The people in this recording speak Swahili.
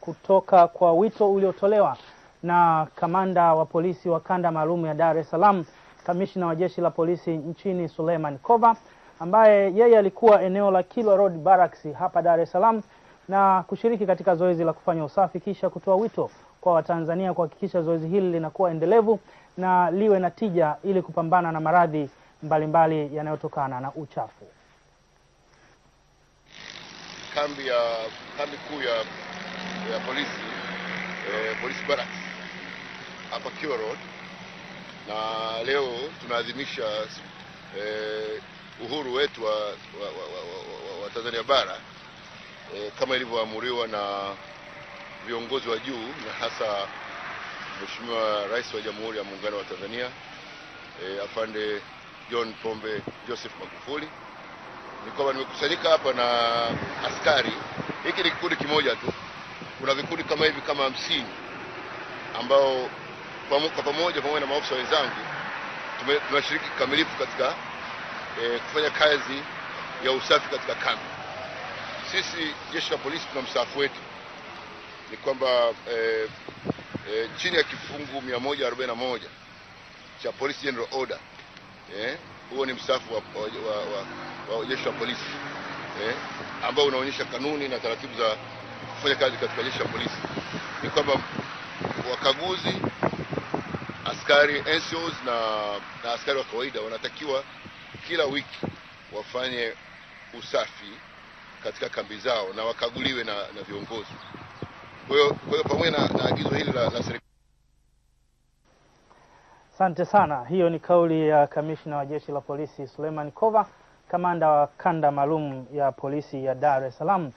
kutoka kwa wito uliotolewa na kamanda wa polisi wa kanda maalum ya Dar es Salaam, kamishina wa jeshi la polisi nchini Suleiman Kova, ambaye yeye alikuwa eneo la Kilwa Road Barracks hapa Dar es Salaam na kushiriki katika zoezi la kufanya usafi, kisha kutoa wito kwa Watanzania kuhakikisha zoezi hili linakuwa endelevu na liwe na tija ili kupambana na maradhi mbalimbali yanayotokana na uchafu. Kambi ya kambi kuu ya ya polisi eh, polisi barracks hapa Kiwa Road, na leo tunaadhimisha eh, uhuru wetu wa, wa, wa, wa, wa, wa Tanzania bara eh, kama ilivyoamuriwa na viongozi wa juu na hasa Mheshimiwa Rais wa Jamhuri ya Muungano wa Tanzania eh, afande John Pombe Joseph Magufuli. Ni kwamba nimekusanyika hapa na askari, hiki ni kikundi kimoja tu kuna vikundi kama hivi kama hamsini ambao kwa pamoja pamoja na maofisa wenzangu tunashiriki kikamilifu katika e, kufanya kazi ya usafi katika kambi. Sisi jeshi la polisi tuna msaafu wetu ni kwamba e, e, chini ya kifungu 141 cha Police General Order eh, huo ni msaafu wa, wa, wa, wa, wa jeshi la polisi eh, ambao unaonyesha kanuni na taratibu za kufanya kazi katika jeshi la polisi ni kwamba wakaguzi, askari NCOs na, na askari wa kawaida wanatakiwa kila wiki wafanye usafi katika kambi zao na wakaguliwe na, na viongozi. Kwa hiyo pamoja na, na agizo hili la, la serikali. Asante sana. Hiyo ni kauli ya kamishna wa jeshi la polisi Suleiman Kova, kamanda wa kanda maalum ya polisi ya Dar es Salaam.